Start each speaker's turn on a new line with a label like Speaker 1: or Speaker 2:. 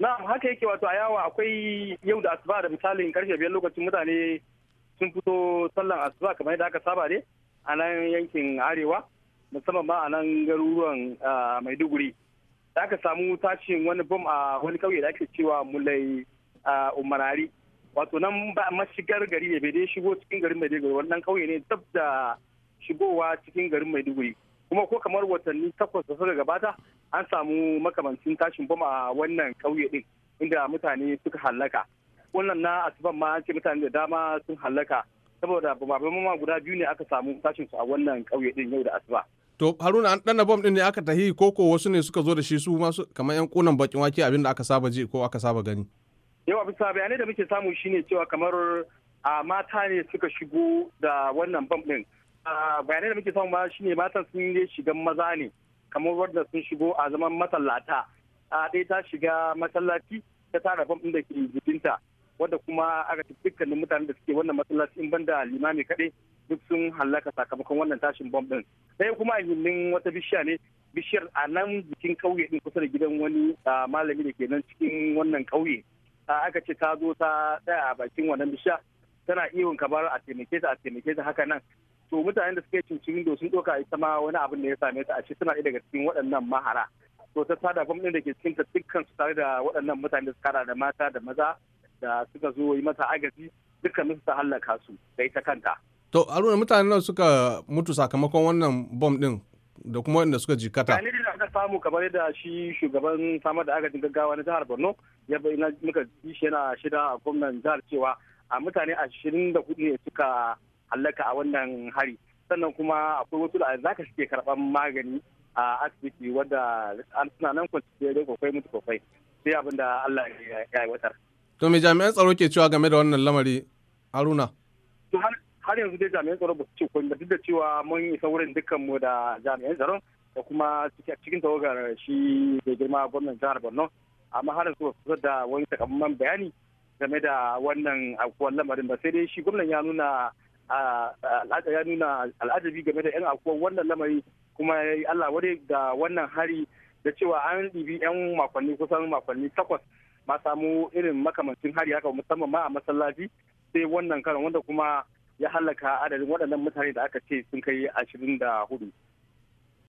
Speaker 1: na'am haka yake wato a yawa akwai yau da asuba da misalin karshe biyar lokacin mutane sun fito sallan asuba kamar yadda aka saba ne a nan yankin arewa musamman ma a nan garuruwan maiduguri da aka samu tashin wani bom a wani kauye da ake cewa mulai umarari wato nan ba mashigar gari ne bai dai shigo cikin garin maiduguri wannan kauye ne tab da shigowa cikin garin maiduguri kuma ko kamar watanni takwas da suka gabata an samu makamancin tashin bom a wannan kauye din inda mutane suka hallaka wannan na asuban ma ce mutane da dama sun hallaka saboda bumabumin ma guda biyu ne aka samu tashin su a wannan kauye din yau da asuba
Speaker 2: to haruna an danna bom din ne aka tahi ko ko wasu ne suka zo da shi su ma kamar yan kunan bakin wake abin da aka saba ji ko aka saba gani
Speaker 1: yau bisa bayanai da muke samu shine cewa kamar a mata ne suka shigo da wannan bom din bayanai da muke ba shi ne matan sun yi shigan maza ne kamar wadda sun shigo a zaman masallata a ɗaya ta shiga masallaci ta tara fam da ke jikinta wadda kuma aka ci dukkanin mutanen da suke wannan masallaci in banda limami kaɗai duk sun hallaka sakamakon wannan tashin bom ɗin sai kuma a gindin wata bishiya ne bishiyar a nan jikin kauye ɗin kusa da gidan wani malami da ke nan cikin wannan ƙauye aka ce ta zo ta tsaya a bakin wannan bishiya tana iwon kamar a taimake ta a taimake ta haka nan to mutanen da suke cincin windo sun doka ita ma wani abin da ya same ta a shi suna daga cikin waɗannan mahara to ta tada bam ɗin da ke cikin ta dukkan su tare da waɗannan mutane da suka da mata da maza da suka zo yi mata agaji dukkanin su ta halaka su da ita kanta.
Speaker 2: To aruna mutanen nan suka mutu sakamakon wannan bom ɗin da kuma waɗanda suka jikata.
Speaker 1: da aka samu kamar yadda shi shugaban samar da agajin gaggawa na jihar Borno ya bai na muka ji shi yana shida a gwamnan jihar cewa a mutane ashirin da hudu ne suka hallaka a wannan hari sannan kuma akwai wasu da ka suke karɓar magani a asibiti wadda an suna nan kwanci da kwakwai mutu kwakwai sai abin da Allah ya watar.
Speaker 2: To me jami'an tsaro ke cewa game da wannan lamari Haruna?
Speaker 1: Har yanzu dai jami'an tsaro ba su ce komai duk da cewa mun isa wurin dukkan mu da jami'an tsaron da kuma cikin tawagar shi da girma gwamnan jihar Borno amma har yanzu ba su da wani takamaiman bayani game da wannan akuwan lamarin ba sai dai shi gwamnan ya nuna ya nuna al'ajabi game da 'yan akuwar wannan lamari kuma ya yi Allah wadai da wannan hari da cewa an ɗibi 'yan makonni kusan makonni takwas ma samu irin makamancin hari haka musamman ma a masallaci sai wannan karan wanda kuma ya halaka adadin waɗannan mutane da aka ce sun kai ashirin da hudu.